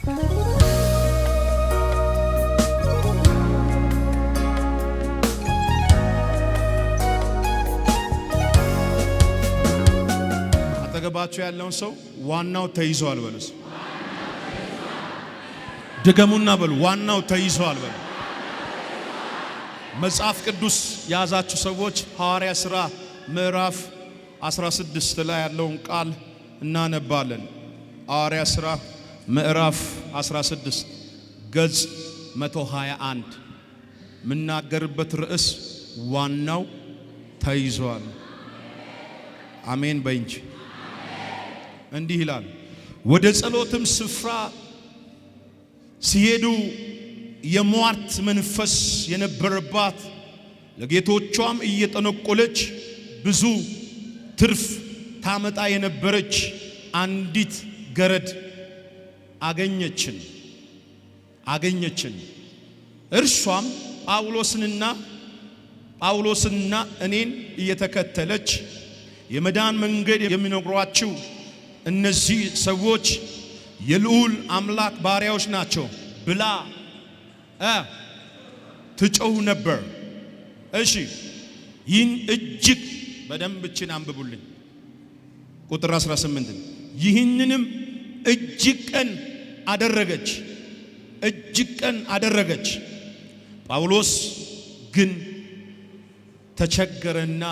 አጠገባቸው ያለውን ሰው ዋናው ተይዟል በሉስ። ድገሙና በሉ ዋናው ተይዘዋል በሉ። መጽሐፍ ቅዱስ የያዛችሁ ሰዎች ሐዋርያ ሥራ ምዕራፍ 16 ላይ ያለውን ቃል እናነባለን። ሐዋርያ ሥራ ምዕራፍ 16 ገጽ 121 የምናገርበት ርዕስ ዋናው ተይዟል። አሜን በእንጂ እንዲህ ይላል። ወደ ጸሎትም ስፍራ ሲሄዱ የሟርት መንፈስ የነበረባት ለጌቶቿም እየጠነቆለች ብዙ ትርፍ ታመጣ የነበረች አንዲት ገረድ አገኘችን አገኘችን እርሷም ጳውሎስንና ጳውሎስንና እኔን እየተከተለች የመዳን መንገድ የሚነግሯችሁ እነዚህ ሰዎች የልዑል አምላክ ባሪያዎች ናቸው ብላ እ ነበር። እሺ ይህን እጅግ በደንብ እችን አንብቡልኝ ቁጥር 18 ይህንንም እጅግ ቀን አደረገች፣ እጅግ ቀን አደረገች። ጳውሎስ ግን ተቸገረና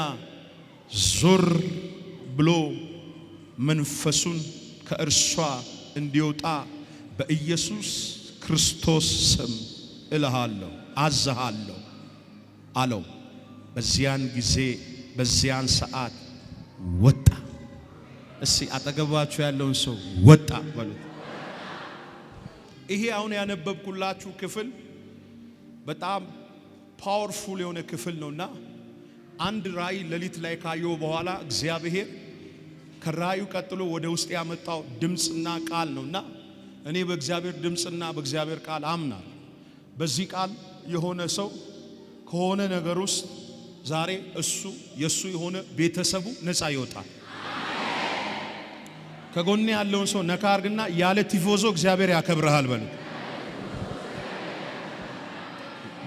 ዞር ብሎ መንፈሱን ከእርሷ እንዲወጣ በኢየሱስ ክርስቶስ ስም እልሃለሁ፣ አዝሃለሁ አለው። በዚያን ጊዜ በዚያን ሰዓት ወጣ። እስቲ አጠገባችሁ ያለውን ሰው ወጣ በሉት። ይሄ አሁን ያነበብኩላችሁ ክፍል በጣም ፓወርፉል የሆነ ክፍል ነውና አንድ ራእይ ሌሊት ላይ ካየው በኋላ እግዚአብሔር ከራእዩ ቀጥሎ ወደ ውስጥ ያመጣው ድምፅና ቃል ነውና እኔ በእግዚአብሔር ድምፅና በእግዚአብሔር ቃል አምናል። በዚህ ቃል የሆነ ሰው ከሆነ ነገር ውስጥ ዛሬ እሱ የእሱ የሆነ ቤተሰቡ ነፃ ይወጣል። ከጎኔ ያለውን ሰው ነካ አርግና ያለ ቲፎዞ እግዚአብሔር ያከብረሃል በል።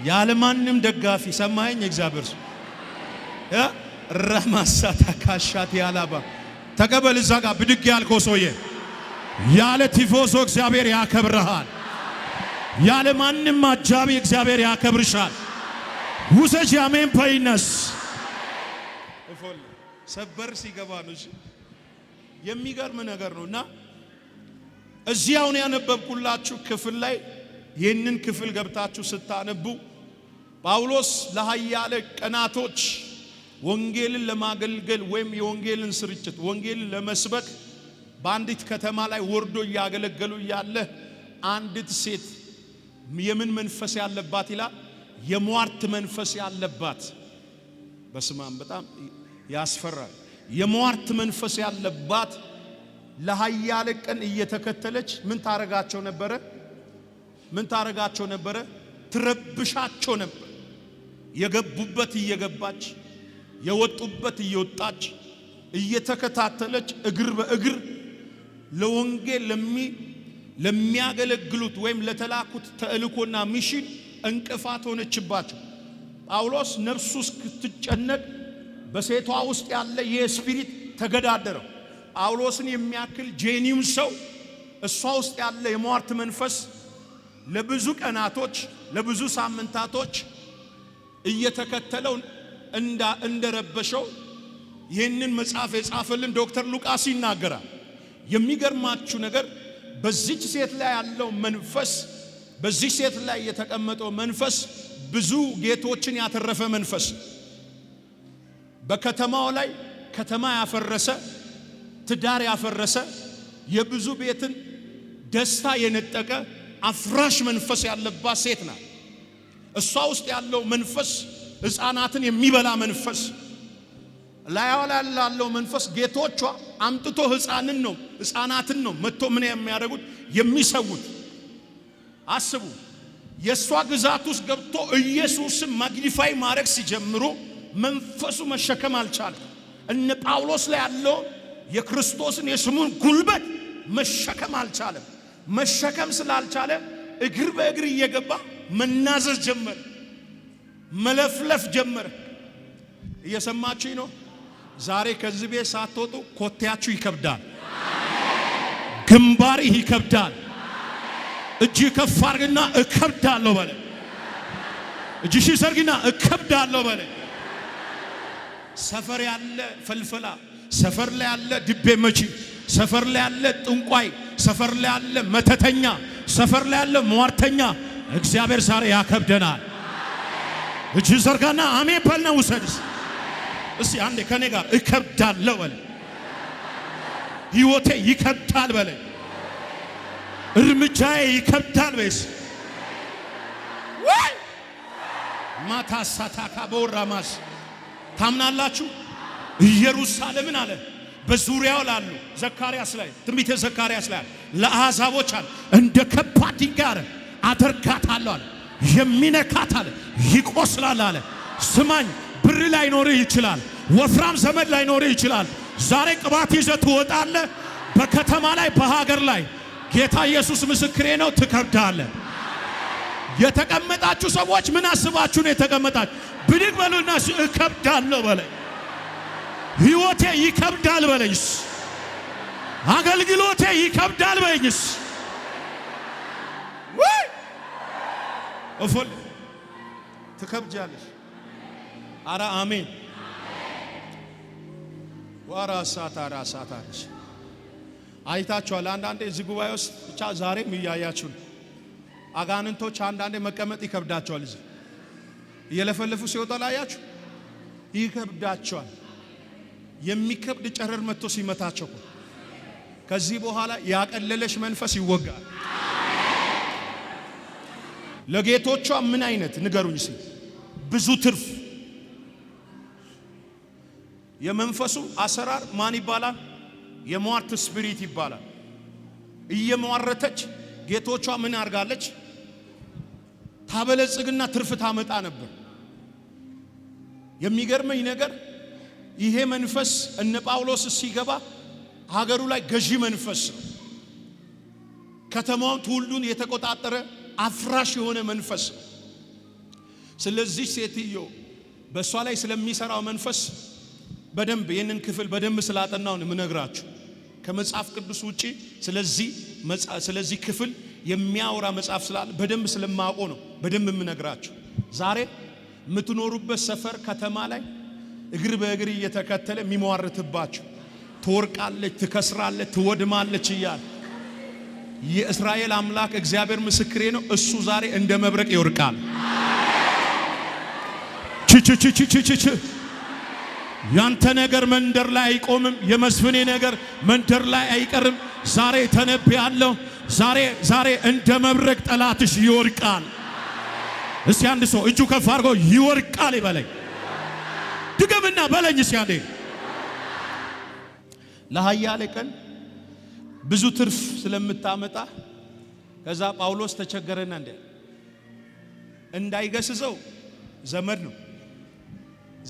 ያለ ማንም ደጋፊ ሰማኸኝ? እግዚአብሔር ሰው ረማሳ ተካሻት ያላባ ተቀበል። እዛ ጋር ብድግ ያልከው ሰውዬ ያለ ቲፎዞ እግዚአብሔር ያከብረሃል። ያለ ማንም አጃቢ እግዚአብሔር ያከብርሻል። ውሰጅ። አሜን ፓይነስ ሰበር ሲገባ ነው። የሚገርም ነገር ነው እና እዚያውን ያነበብኩላችሁ ክፍል ላይ ይህንን ክፍል ገብታችሁ ስታነቡ ጳውሎስ ለሃያለ ቀናቶች ወንጌልን ለማገልገል ወይም የወንጌልን ስርጭት ወንጌልን ለመስበክ በአንዲት ከተማ ላይ ወርዶ እያገለገሉ እያለ አንዲት ሴት የምን መንፈስ ያለባት ይላል? የሟርት መንፈስ ያለባት። በስማም በጣም ያስፈራል። የሟርት መንፈስ ያለባት ለሀያል ቀን እየተከተለች ምን ታረጋቸው ነበረ? ምን ታረጋቸው ነበረ? ትረብሻቸው ነበር። የገቡበት እየገባች የወጡበት እየወጣች እየተከታተለች እግር በእግር ለወንጌል ለሚያገለግሉት ወይም ለተላኩት ተልእኮና ሚሽን እንቅፋት ሆነችባቸው። ጳውሎስ ነፍሱ እስክትጨነቅ በሴቷ ውስጥ ያለ የስፒሪት ተገዳደረው። ጳውሎስን የሚያክል ጄኒም ሰው እሷ ውስጥ ያለ የሟርት መንፈስ ለብዙ ቀናቶች ለብዙ ሳምንታቶች እየተከተለው እንደረበሸው ይህንን መጽሐፍ የጻፈልን ዶክተር ሉቃስ ይናገራል። የሚገርማችሁ ነገር በዚች ሴት ላይ ያለው መንፈስ በዚች ሴት ላይ የተቀመጠው መንፈስ ብዙ ጌቶችን ያተረፈ መንፈስ ነው። በከተማው ላይ ከተማ ያፈረሰ ትዳር ያፈረሰ የብዙ ቤትን ደስታ የነጠቀ አፍራሽ መንፈስ ያለባት ሴት ናት። እሷ ውስጥ ያለው መንፈስ ሕፃናትን የሚበላ መንፈስ፣ ላያዋ ላይ ያለው መንፈስ ጌቶቿ አምጥቶ ሕፃንን ነው ሕፃናትን ነው መጥቶ ምን የሚያደርጉት የሚሰውት። አስቡ የእሷ ግዛት ውስጥ ገብቶ ኢየሱስን ማግኒፋይ ማድረግ ሲጀምሩ መንፈሱ መሸከም አልቻለም። እነ ጳውሎስ ላይ ያለው የክርስቶስን የስሙን ጉልበት መሸከም አልቻለም። መሸከም ስላልቻለ እግር በእግር እየገባ መናዘዝ ጀመረ፣ መለፍለፍ ጀመረ። እየሰማችኝ ነው? ዛሬ ከዚህ ቤት ሳትወጡ ኮቴያችሁ ይከብዳል፣ ግንባሪህ ይከብዳል። እጅ ከፍ እከብዳለሁ በለ። እጅሽ ዘርግና እከብዳለሁ በለ። ሰፈር ያለ ፈልፈላ፣ ሰፈር ላይ ያለ ድቤ መቺ፣ ሰፈር ላይ ያለ ጥንቋይ፣ ሰፈር ላይ ያለ መተተኛ፣ ሰፈር ላይ ያለ ሟርተኛ እግዚአብሔር ዛሬ ያከብደናል። እጅ ዘርጋና አሜን በልና ውሰድስ። እስቲ አንዴ ከኔ ጋር እከብዳለሁ በለ። ህይወቴ ይከብዳል በለ። እርምጃዬ ይከብዳል በይስ ማታ ሳታካ በወራማስ ታምናላችሁ? ኢየሩሳሌምን አለ በዙሪያው ላሉ ዘካርያስ ላይ ትንቢተ ዘካርያስ ላይ ለአሕዛቦች አለ እንደ ከባድ ድንጋይ አለ አደርጋታለሁ አለ የሚነካት አለ ይቆስላል አለ። ስማኝ፣ ብር ላይኖርህ ይችላል፣ ወፍራም ዘመድ ላይኖርህ ይችላል። ዛሬ ቅባት ይዘህ ትወጣለህ። በከተማ ላይ በሀገር ላይ ጌታ ኢየሱስ ምስክሬ ነው፣ ትከብዳለህ። የተቀመጣችሁ ሰዎች ምን አስባችሁ ነው የተቀመጣችሁ? ብድግ በሉና እከብዳለሁ በለኝ። ሕይወቴ ይከብዳል በለኝስ። አገልግሎቴ ይከብዳል በለኝስ። ወይ እፎል ትከብጃለሽ። አራ አሜን ዋራ ሳታ ራ ሳታ አይታችኋል። አንዳንዴ እዚህ ጉባኤ ውስጥ ብቻ ዛሬም እያያችሁ አጋንንቶች አንዳንዴ መቀመጥ ይከብዳቸዋል እዚህ እየለፈለፉ ሲወጣ ላያችሁ ይከብዳቸዋል። የሚከብድ ጨረር መጥቶ ሲመታቸው ከዚህ በኋላ ያቀለለሽ መንፈስ ይወጋል። ለጌቶቿ ምን አይነት ንገሩኝ ሲል ብዙ ትርፍ የመንፈሱ አሰራር ማን ይባላል? የሟርት ስፒሪት ይባላል። እየሟረተች ጌቶቿ ምን አድርጋለች? ታበለጽግና ትርፍ ታመጣ ነበር። የሚገርመኝ ነገር ይሄ መንፈስ እነ ጳውሎስ ሲገባ ሀገሩ ላይ ገዢ መንፈስ ነው። ከተማውን ሁሉን የተቆጣጠረ አፍራሽ የሆነ መንፈስ ነው። ስለዚህ ሴትዮ በእሷ ላይ ስለሚሰራው መንፈስ በደንብ ይህንን ክፍል በደንብ ነው የምነግራችሁ ከመጽሐፍ ቅዱስ ውጪ ስለዚህ ስለዚህ ክፍል የሚያወራ መጽሐፍ ስላለ በደንብ ስለማውቀው ነው በደንብ የምነግራችሁ ዛሬ የምትኖሩበት ሰፈር ከተማ ላይ እግር በእግር እየተከተለ የሚሟርትባችሁ ትወርቃለች፣ ትከስራለች፣ ትወድማለች እያለ የእስራኤል አምላክ እግዚአብሔር ምስክሬ ነው። እሱ ዛሬ እንደ መብረቅ ይወርቃል። ችችችችችችች ያንተ ነገር መንደር ላይ አይቆምም። የመስፍኔ ነገር መንደር ላይ አይቀርም። ዛሬ ተነብያለሁ። ያለው ዛሬ ዛሬ እንደ መብረቅ ጠላትሽ ይወርቃል። እስቲ አንድ ሰው እጁ ከፍ አድርጎ ይወርቃል ይበለኝ። ድገምና በለኝ እስቲ አንዴ። ለኃያል ቀን ብዙ ትርፍ ስለምታመጣ ከዛ ጳውሎስ ተቸገረና እንደ እንዳይገስጸው ዘመድ ነው።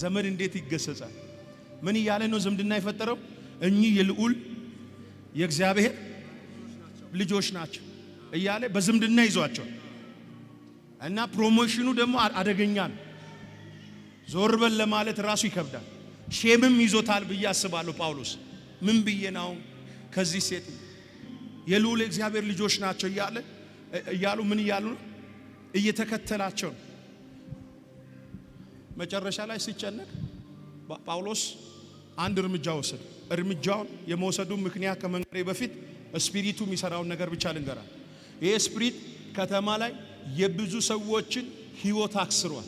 ዘመድ እንዴት ይገሰጻል? ምን እያለ ነው ዝምድና የፈጠረው? እኚህ የልዑል የእግዚአብሔር ልጆች ናቸው እያለ በዝምድና ይዟቸዋል። እና ፕሮሞሽኑ ደግሞ አደገኛ ነው። ዞር በል ለማለት ራሱ ይከብዳል። ሼምም ይዞታል ብዬ አስባለሁ። ጳውሎስ ምን ብዬ ነው ከዚህ ሴት የልዑል እግዚአብሔር ልጆች ናቸው እያለ እያሉ ምን እያሉ ነው እየተከተላቸው ነው። መጨረሻ ላይ ሲጨነቅ ጳውሎስ አንድ እርምጃ ወሰደ። እርምጃውን የመውሰዱ ምክንያት ከመንገሬ በፊት ስፒሪቱ የሚሰራውን ነገር ብቻ ልንገራል። ይሄ ስፒሪት ከተማ ላይ የብዙ ሰዎችን ህይወት አክስሯል።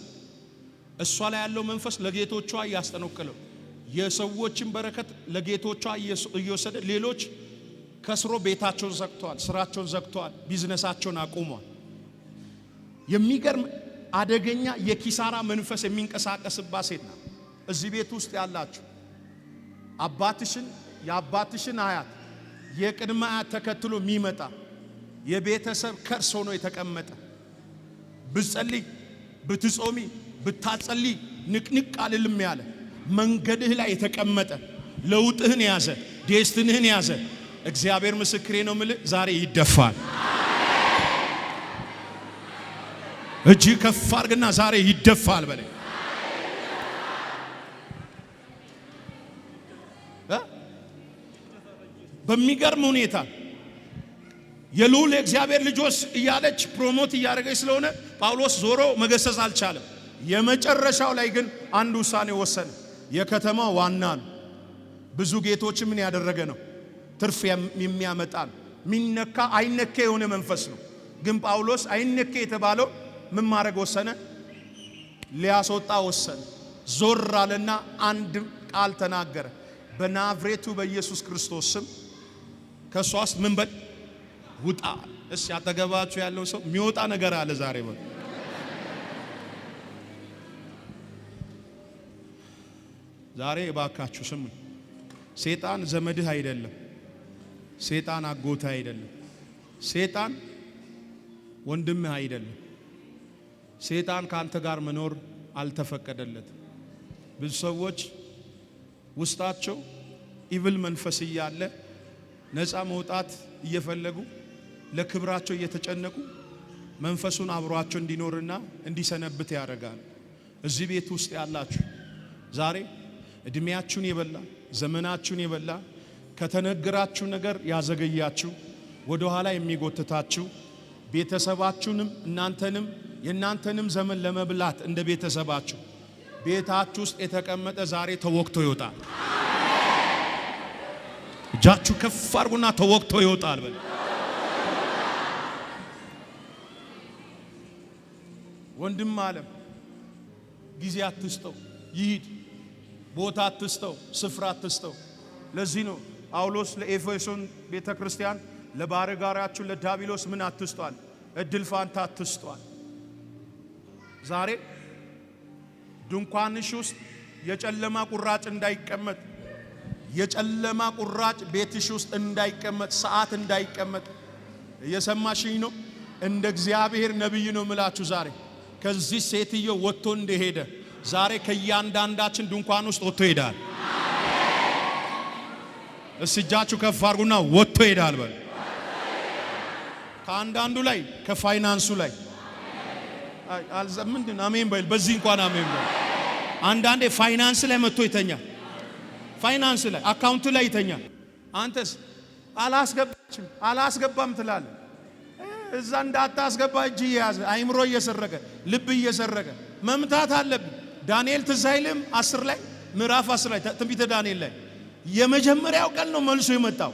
እሷ ላይ ያለው መንፈስ ለጌቶቿ እያስጠነቀለው የሰዎችን በረከት ለጌቶቿ እየወሰደ ሌሎች ከስሮ ቤታቸውን ዘግተዋል፣ ስራቸውን ዘግተዋል፣ ቢዝነሳቸውን አቁሟል። የሚገርም አደገኛ የኪሳራ መንፈስ የሚንቀሳቀስባት ሴት ናት። እዚህ ቤት ውስጥ ያላችሁ አባትሽን የአባትሽን አያት የቅድመ አያት ተከትሎ የሚመጣ የቤተሰብ ከርስ ሆኖ የተቀመጠ ብትጸልይ፣ ብትጾሚ፣ ብታጸልይ ንቅንቅ አልልም ያለ መንገድህ ላይ የተቀመጠ ለውጥህን የያዘ ዴስትንህን የያዘ እግዚአብሔር ምስክሬ ነው ምል ዛሬ ይደፋል። እጅ ከፍ አድርግና ዛሬ ይደፋል በለ በሚገርም ሁኔታ የልዑል እግዚአብሔር ልጆች እያለች ፕሮሞት እያደረገች ስለሆነ ጳውሎስ ዞሮ መገሰጽ አልቻለም። የመጨረሻው ላይ ግን አንድ ውሳኔ ወሰነ። የከተማ ዋና ነው፣ ብዙ ጌቶች ምን ያደረገ ነው፣ ትርፍ የሚያመጣ ነው፣ ሚነካ አይነከ የሆነ መንፈስ ነው። ግን ጳውሎስ አይነከ የተባለው ምን ማድረግ ወሰነ? ሊያስወጣ ወሰነ። ዞር አለና አንድ ቃል ተናገረ። በናዝሬቱ በኢየሱስ ክርስቶስ ስም ከእሷ ምን በል ውጣ። እስ ያጠገባችሁ ያለው ሰው የሚወጣ ነገር አለ ዛሬ በ ዛሬ እባካችሁ ስሙ። ሴጣን ዘመድህ አይደለም። ሴጣን አጎትህ አይደለም። ሴጣን ወንድምህ አይደለም። ሴጣን ከአንተ ጋር መኖር አልተፈቀደለትም። ብዙ ሰዎች ውስጣቸው ኢቭል መንፈስ እያለ ነፃ መውጣት እየፈለጉ ለክብራቸው እየተጨነቁ መንፈሱን አብሯቸው እንዲኖርና እንዲሰነብት ያደርጋል። እዚህ ቤት ውስጥ ያላችሁ ዛሬ እድሜያችሁን የበላ ዘመናችሁን የበላ ከተነገራችሁ ነገር ያዘገያችሁ ወደ ኋላ የሚጎትታችሁ ቤተሰባችሁንም እናንተንም የእናንተንም ዘመን ለመብላት እንደ ቤተሰባችሁ ቤታችሁ ውስጥ የተቀመጠ ዛሬ ተወክቶ ይወጣል። እጃችሁ ከፍ አድርጉና ተወክቶ ይወጣል በል ወንድም አለም ጊዜ አትስጠው፣ ይሂድ። ቦታ አትስጠው፣ ስፍራ አትስጠው። ለዚህ ነው ጳውሎስ ለኤፌሶን ቤተ ክርስቲያን ለባረጋሪያችሁ ለዳቢሎስ ምን አትስጧል? እድል ፋንታ አትስጧል። ዛሬ ድንኳንሽ ውስጥ የጨለማ ቁራጭ እንዳይቀመጥ፣ የጨለማ ቁራጭ ቤትሽ ውስጥ እንዳይቀመጥ፣ ሰዓት እንዳይቀመጥ። እየሰማሽኝ ነው? እንደ እግዚአብሔር ነቢይ ነው ምላችሁ ዛሬ ከዚህ ሴትዮ ወጥቶ እንደሄደ ዛሬ ከእያንዳንዳችን ድንኳን ውስጥ ወጥቶ ይሄዳል። እስቲ እጃችሁ ከፍ አርጉና ወጥቶ ይሄዳል በል። ከአንዳንዱ ላይ ከፋይናንሱ ላይ ምንድን አሜን በል። በዚህ እንኳን አሜን በል። አንዳንዴ ፋይናንስ ላይ መጥቶ ይተኛል። ፋይናንስ ላይ አካውንት ላይ ይተኛል። አንተስ አላስገባችም አላስገባም ትላለህ። እዛ እንዳታስገባ እጅ እየያዘ አይምሮ እየሰረቀ ልብ እየሰረቀ መምታት አለብን። ዳንኤል ትዝ አይልም? አስር ላይ ምዕራፍ አስር ላይ ትንቢተ ዳንኤል ላይ የመጀመሪያው ቀን ነው መልሶ የመጣው።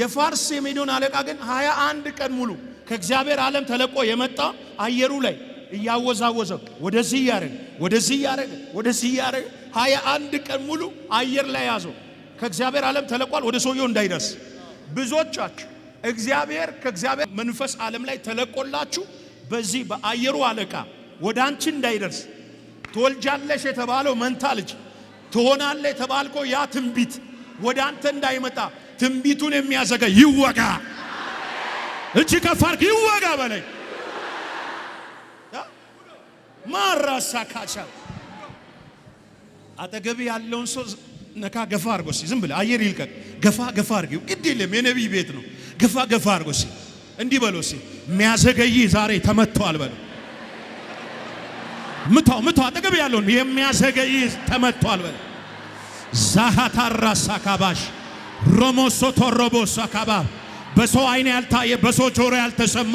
የፋርስ የሜዶን አለቃ ግን ሀያ አንድ ቀን ሙሉ ከእግዚአብሔር ዓለም ተለቆ የመጣ አየሩ ላይ እያወዛወዘ ወደዚህ እያረገ ወደዚህ እያረገ ወደዚህ እያረገ ሀያ አንድ ቀን ሙሉ አየር ላይ ያዘው። ከእግዚአብሔር ዓለም ተለቋል። ወደ ሰውየው እንዳይደርስ ብዙዎቻችሁ እግዚአብሔር ከእግዚአብሔር መንፈስ ዓለም ላይ ተለቆላችሁ በዚህ በአየሩ አለቃ ወደ አንቺ እንዳይደርስ ትወልጃለሽ የተባለው መንታ ልጅ ትሆናለ የተባልኮ ያ ትንቢት ወደ አንተ እንዳይመጣ ትንቢቱን የሚያዘጋ ይወጋ። እጅ ከፍ አድርግ፣ ይወጋ በላይ ማራሳ ካቻ አጠገብ ያለውን ሰው ነካ ገፋ አድርጎ ዝም ብለህ አየር ይልቀቅ። ገፋ ገፋ አድርጊው። ግድ የለም የነቢይ ቤት ነው። ግፋ ገፋ አድርጎ ሲ እንዲህ በሎ ሲ የሚያዘገይ ዛሬ ተመቷል በሎ ምታው ምታው አጠገብ ያለውን የሚያዘገይ ተመቷል በሎ ዛሃታራ ሳካባሽ ሮሞሶ ቶሮቦ ሳካባ በሰው አይን ያልታየ በሰው ጆሮ ያልተሰማ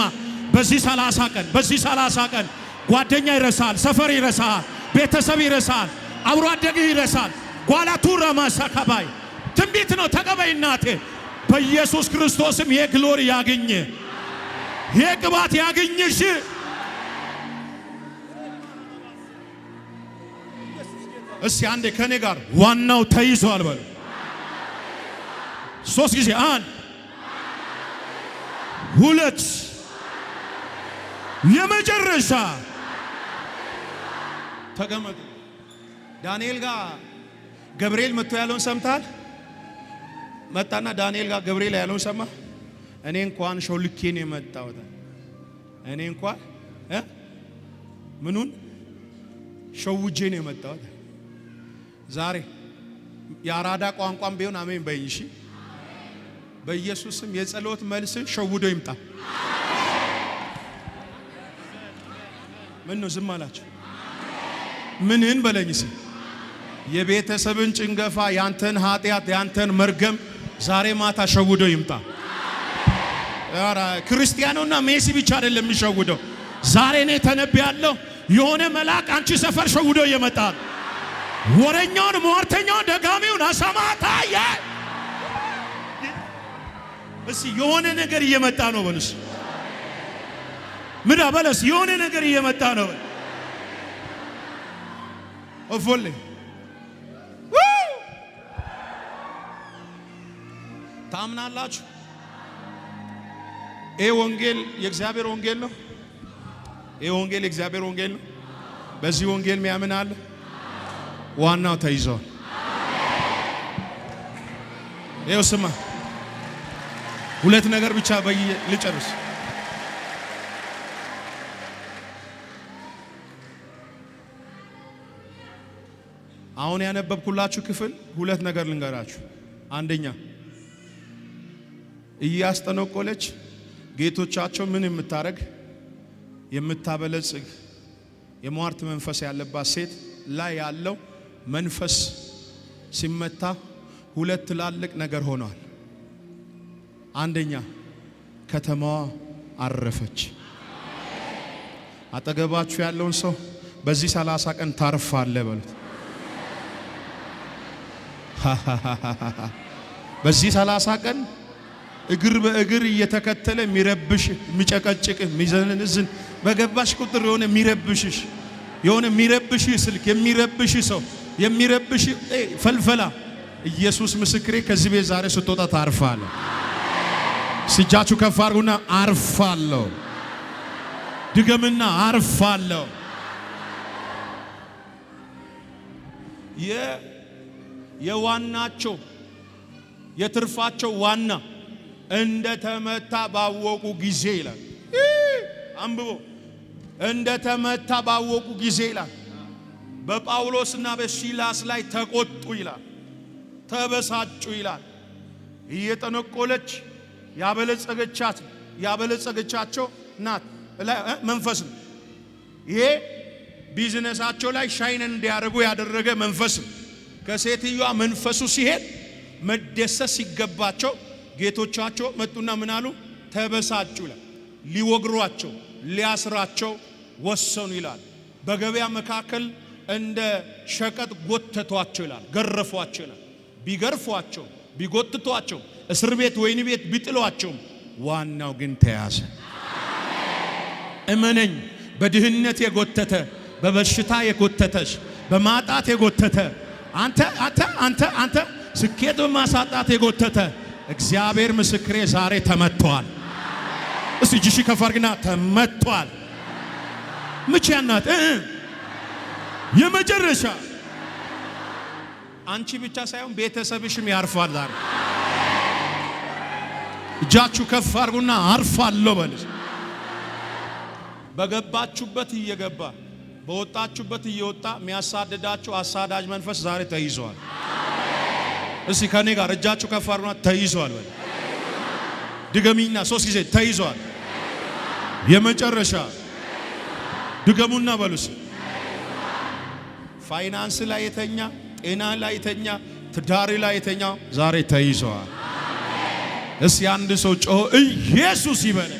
በዚህ 30 ቀን በዚህ 30 ቀን ጓደኛ ይረሳል፣ ሰፈር ይረሳል፣ ቤተሰብ ይረሳል፣ አብሮ አደግህ ይረሳል። ጓላቱ ረማ ሳካባይ ትንቢት ነው። ተቀበይ እናቴ በኢየሱስ ክርስቶስም ይሄ ግሎሪ ያገኘ ይሄ ቅባት ያገኘሽ እስቲ አንዴ ከኔ ጋር ዋናው ተይዟል በል ሶስት ጊዜ አንድ ሁለት የመጨረሻ ተቀመጡ። ዳንኤል ጋር ገብርኤል መጥቶ ያለውን ሰምታል። መጣና ዳንኤል ጋር ገብርኤል ያለውን ሰማ። እኔ እንኳን ሾልኬ ነው የመጣሁት። እኔ እንኳን ምኑን ሸውጄ ነው የመጣሁት። ዛሬ የአራዳ ቋንቋም ቢሆን አሜን በይኝ። እሺ፣ በኢየሱስም የጸሎት መልስ ሸውዶ ይምጣ። ምን ነው ዝም አላችሁ? ምንህን በለኝ ሲ የቤተሰብን ጭንገፋ፣ ያንተን ኃጢአት፣ ያንተን መርገም ዛሬ ማታ ሸውዶ ይምጣ። ኧረ ክርስቲያኖና ሜሲ ብቻ አይደለም የሚሸውደው። ዛሬ እኔ ተነብያለሁ። የሆነ መልአክ አንቺ ሰፈር ሸውዶ ይመጣ። ወረኛውን፣ ሟርተኛውን፣ ደጋሚውን አሰማታ የ እሺ፣ የሆነ ነገር እየመጣ ነው በለስ ምዳ በለስ የሆነ ነገር እየመጣ ነው እፎሌ ታምናላችሁ? ይህ ወንጌል የእግዚአብሔር ወንጌል ነው። ይህ ወንጌል የእግዚአብሔር ወንጌል ነው። በዚህ ወንጌል ሚያምን አለ። ዋናው ተይዘዋል። ይኸው ስማ፣ ሁለት ነገር ብቻ በይ ልጨርስ። አሁን ያነበብኩላችሁ ክፍል ሁለት ነገር ልንገራችሁ። አንደኛ እያስጠነቆለች ጌቶቻቸው ምን የምታረግ የምታበለጽግ የሟርት መንፈስ ያለባት ሴት ላይ ያለው መንፈስ ሲመታ ሁለት ትላልቅ ነገር ሆኗል። አንደኛ ከተማዋ አረፈች። አጠገባችሁ ያለውን ሰው በዚህ ሰላሳ ቀን ታርፋለ በሉት። በዚህ ሰላሳ ቀን እግር በእግር እየተከተለ የሚረብሽ የሚጨቀጭቅ የሚዘንዝን በገባሽ ቁጥር የሆነ የሚረብሽሽ የሆነ የሚረብሽ ስልክ የሚረብሽ ሰው የሚረብሽ ፈልፈላ ኢየሱስ ምስክሬ ከዚህ ቤት ዛሬ ስትወጣ ታርፋለሁ። ስጃችሁ ከፍ አድርጉና አርፋለሁ። ድገምና አርፋለሁ። የዋናቸው የትርፋቸው ዋና እንደ ተመታ ባወቁ ጊዜ ይላል። አንብቦ እንደ ተመታ ባወቁ ጊዜ ይላል። በጳውሎስና በሲላስ ላይ ተቆጡ ይላል። ተበሳጩ ይላል። እየጠነቆለች ያበለጸገቻት ያበለጸገቻቸው ናት መንፈስ ነው። ይሄ ቢዝነሳቸው ላይ ሻይን እንዲያደርጉ ያደረገ መንፈስ ነው። ከሴትዮዋ መንፈሱ ሲሄድ መደሰት ሲገባቸው ጌቶቻቸው መጡና ምን አሉ? ተበሳጩ ይላል። ሊወግሯቸው ሊያስራቸው ወሰኑ ይላል። በገበያ መካከል እንደ ሸቀጥ ጎተቷቸው ይላል። ገረፏቸው ይላል። ቢገርፏቸው ቢጎትቷቸው እስር ቤት ወይን ቤት ቢጥሏቸውም ዋናው ግን ተያዘ። እመነኝ፣ በድህነት የጎተተ በበሽታ የጎተተች በማጣት የጎተተ አንተ አንተ አንተ አንተ ስኬት በማሳጣት የጎተተ እግዚአብሔር ምስክሬ ዛሬ ተመቷል። እስቲ እጅሽ ከፍ አድርግና ተመቷል። ምቼ ያናት የመጨረሻ አንቺ ብቻ ሳይሆን ቤተሰብሽም ያርፋል ዛሬ። እጃችሁ ከፍ አድርጉና አርፋለሁ በልሽ። በገባችሁበት እየገባ በወጣችሁበት እየወጣ የሚያሳድዳችሁ አሳዳጅ መንፈስ ዛሬ ተይዟል። እስቲ ከኔ ጋር እጃችሁ ከፍ አድርጉና ተይዟል በል። ድገሚና ሶስት ጊዜ ተይዟል። የመጨረሻ ድገሙና በሉስ። ፋይናንስ ላይ የተኛ፣ ጤና ላይ የተኛ፣ ትዳሪ ላይ የተኛ ዛሬ ተይዘዋል። እስቲ አንድ ሰው ጮሆ ኢየሱስ ይበለ